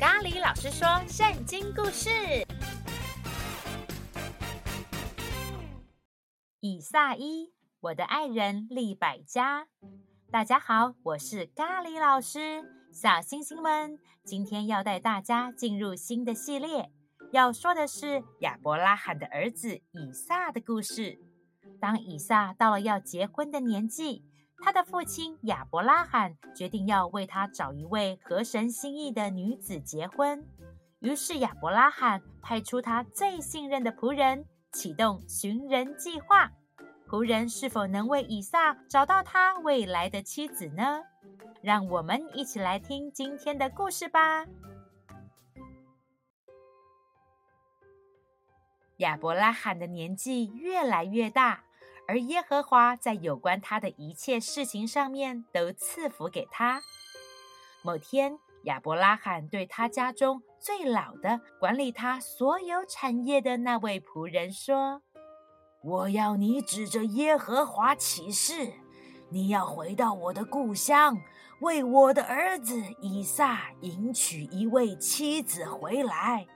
咖喱老師說聖經故事。以撒一，我的愛人利百加。大家好，我是咖喱老師。小星星們，今天要帶大家進入新的系列，要說的是亞伯拉罕的兒子以撒的故事。當以撒到了要結婚的年紀。他的父親亞伯拉罕決定要為他找一位合神心意的女子結婚。於是亞伯拉罕派出他最信任的僕人，啟動尋人計劃。僕人是否能為以撒找到他未來的妻子呢？讓我們一起來聽今天的故事吧。亞伯拉罕的年紀越來越大。而耶和華在有關他的一切事情上面都賜福給他。某天，亞伯拉罕對他家中最老的、管理他所有產業的那位僕人說：“我要你指着耶和華起誓，你要回到我的故鄉，為我的兒子以撒迎娶一位妻子回來。”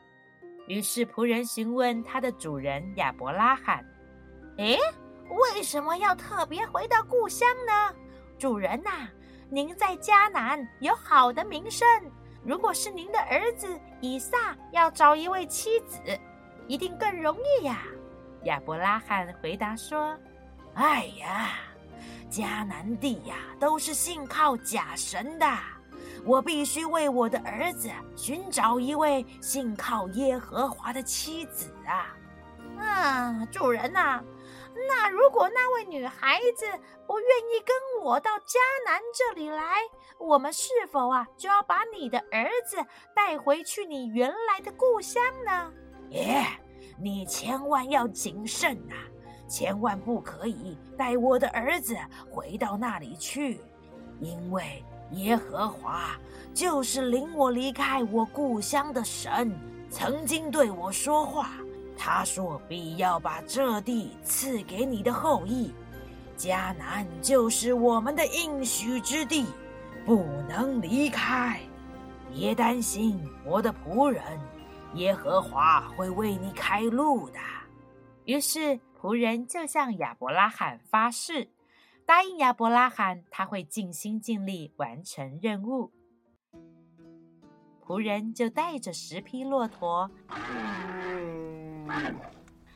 於是僕人詢問他的主人亞伯拉罕：“哎？”為什麼要特別回到故鄉呢？主人吶、啊，您在迦南有好的名聲。如果是您的兒子以撒要找一位妻子，一定更容易呀、啊。亞伯拉罕回答說：“哎呀，迦南地呀、啊，都是信靠假神的。我必須為我的兒子尋找一位信靠耶和華的妻子啊！啊、嗯，主人吶、啊。”那如果那位女孩子不願意跟我到迦南這裡來，我們是否啊就要把你的兒子帶回去你原來的故鄉呢？耶，你千萬要謹慎吶、啊，千萬不可以帶我的兒子回到那裡去，因為耶和華就是領我離開我故鄉的神，曾經對我說話。他說：“必要把這地賜給你的後裔，迦南就是我們的應許之地，不能離開。別擔心，我的僕人耶和華會為你開路的。”於是僕人就向亞伯拉罕發誓，答應亞伯拉罕他會盡心盡力完成任務。僕人就帶着十匹駱駝。嗯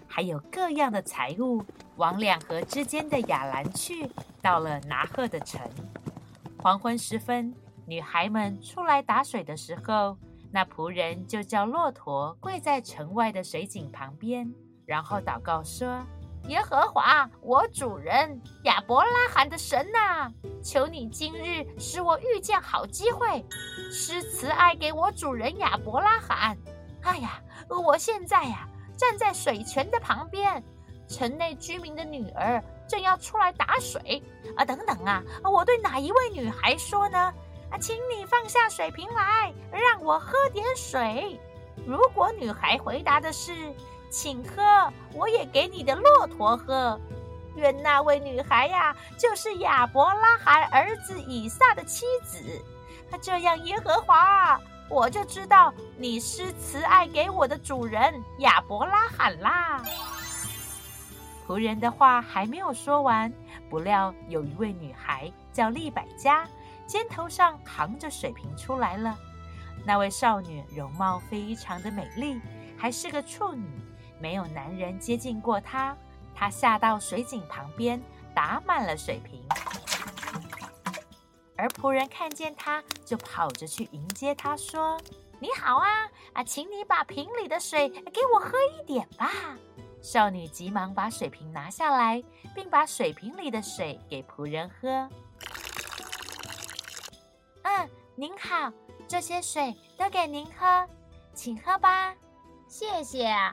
還有各樣的財物，往兩河之間的亞蘭去。到了拿鶴的城，黃昏時分，女孩們出來打水的時候，那僕人就叫駱駝跪在城外的水井旁邊，然後禱告說：“耶和華，我主人亞伯拉罕的神吶、啊，求你今日使我遇見好機會，施慈愛給我主人亞伯拉罕。哎呀，我現在呀、啊。”站在水泉的旁邊，城內居民的女兒正要出來打水啊！等等啊！我對哪一位女孩說呢？啊，請你放下水瓶來，讓我喝點水。如果女孩回答的是“請喝”，我也給你的駱駝喝。願那位女孩呀、啊，就是亞伯拉罕兒子以撒的妻子。這樣，耶和華。我就知道你是慈愛給我的主人亞伯拉罕啦。僕人的話還沒有說完，不料有一位女孩叫利百加，肩頭上扛着水瓶出來了。那位少女容貌非常的美麗，還是個處女，沒有男人接近過她。她下到水井旁邊，打滿了水瓶。而僕人看見她，就跑着去迎接她，說：“你好啊，啊，請你把瓶裡的水給我喝一點吧。”少女急忙把水瓶拿下來，並把水瓶裡的水給僕人喝。“嗯，您好，這些水都給您喝，請喝吧，謝謝。”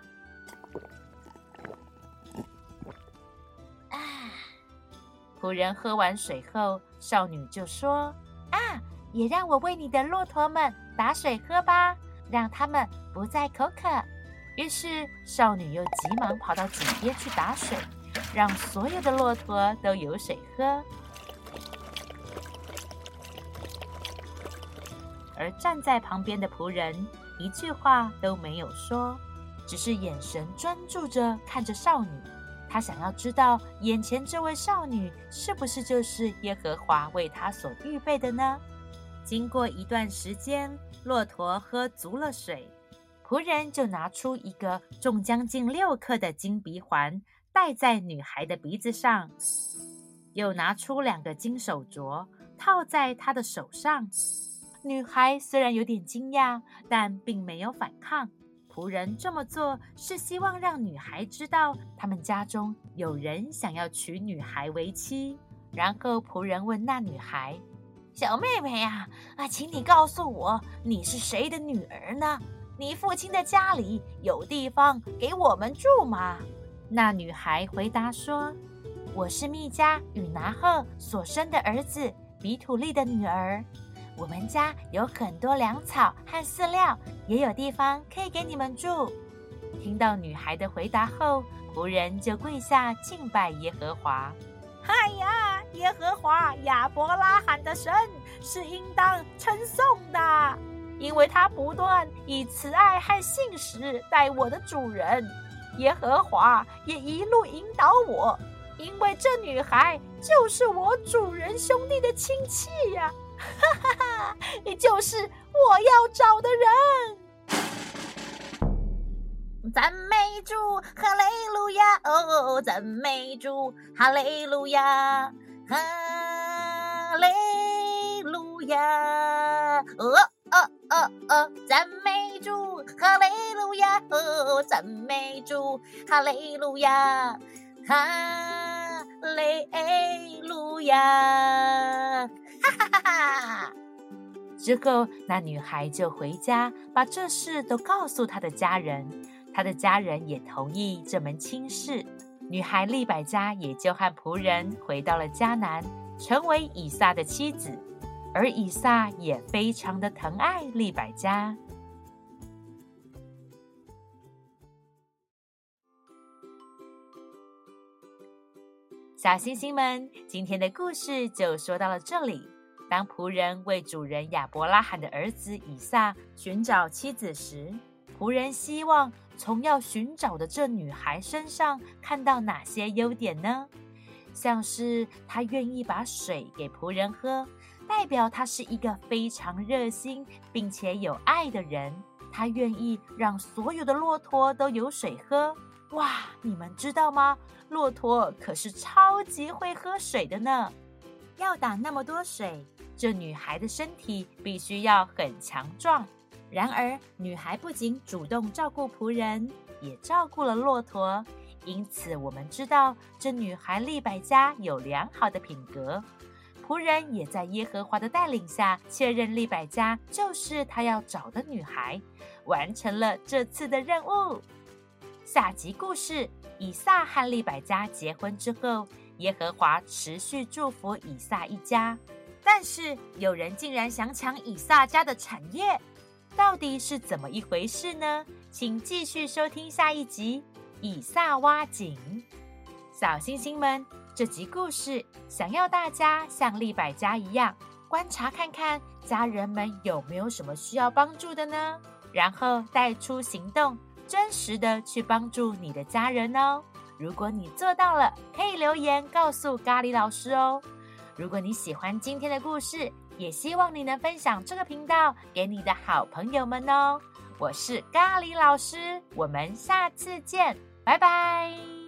僕人喝完水後，少女就說：“啊，也讓我為你的駱駝們打水喝吧，讓他們不再口渴。”於是，少女又急忙跑到井邊去打水，讓所有的駱駝都有水喝。而站在旁邊的僕人一句話都沒有說，只是眼神專注着看着少女。他想要知道眼前這位少女是不是就是耶和華為他所預備的呢？經過一段時間，駱駝喝足了水，僕人就拿出一個重將近六克的金鼻環戴在女孩的鼻子上，又拿出兩個金手鐲套在她的手上。女孩雖然有點驚訝，但並沒有反抗。僕人這麼做是希望讓女孩知道，他們家中有人想要娶女孩為妻。然後僕人問那女孩：“小妹妹呀，啊，請你告訴我，你是誰的女兒呢？你父親的家裡有地方給我們住嗎？”那女孩回答說：“我是密迦與拿鶴所生的兒子，彼土利的女兒。”我們家有很多糧草和飼料，也有地方可以給你們住。聽到女孩的回答後，僕人就跪下敬拜耶和華。哎呀，耶和華亞伯拉罕的神是應當稱頌的，因為他不斷以慈愛和信實待我的主人。耶和華也一路引導我，因為這女孩就是我主人兄弟的親戚呀。哈哈哈！你就是我要找的人。讚美主，哈雷路亞！哦，讚美主，哈雷路亞，哈雷路亞！哦哦哦哦，讚美主，哈雷路亞！哦，讚美主，哈雷路亞，哈雷路亞。哈哈哈之後，那女孩就回家，把這事都告訴她的家人。她的家人也同意這門親事。女孩利百加也就和僕人回到了迦南，成為以撒的妻子。而以撒也非常的疼愛利百加。小星星們，今天的故事就說到了這裡。當僕人為主人亞伯拉罕的兒子以撒尋找妻子時，僕人希望從要尋找的這女孩身上看到哪些優點呢？像是她願意把水給僕人喝，代表他是一個非常熱心並且有愛的人。他願意讓所有的駱駝都有水喝。哇，你們知道嗎？駱駝可是超級會喝水的呢，要打那麼多水。這女孩的身體必須要很強壯。然而，女孩不僅主動照顧僕人，也照顧了駱駝。因此，我們知道這女孩利百加有良好的品格。僕人也在耶和華的帶領下確認利百加就是他要找的女孩，完成了這次的任務。下集故事：以撒和利百加結婚之後，耶和華持續祝福以撒一家。但是有人竟然想搶以撒家的產業，到底是怎麼一回事呢？請繼續收聽下一集《以撒挖井》。小星星們，這集故事想要大家像利百加一樣觀察看看，家人們有沒有什麼需要幫助的呢？然後帶出行動，真實的去幫助你的家人哦。如果你做到了，可以留言告訴咖喱老師哦。如果你喜歡今天的故事，也希望你能分享這個頻道給你的好朋友們哦。我是咖喱老師，我們下次見，拜拜。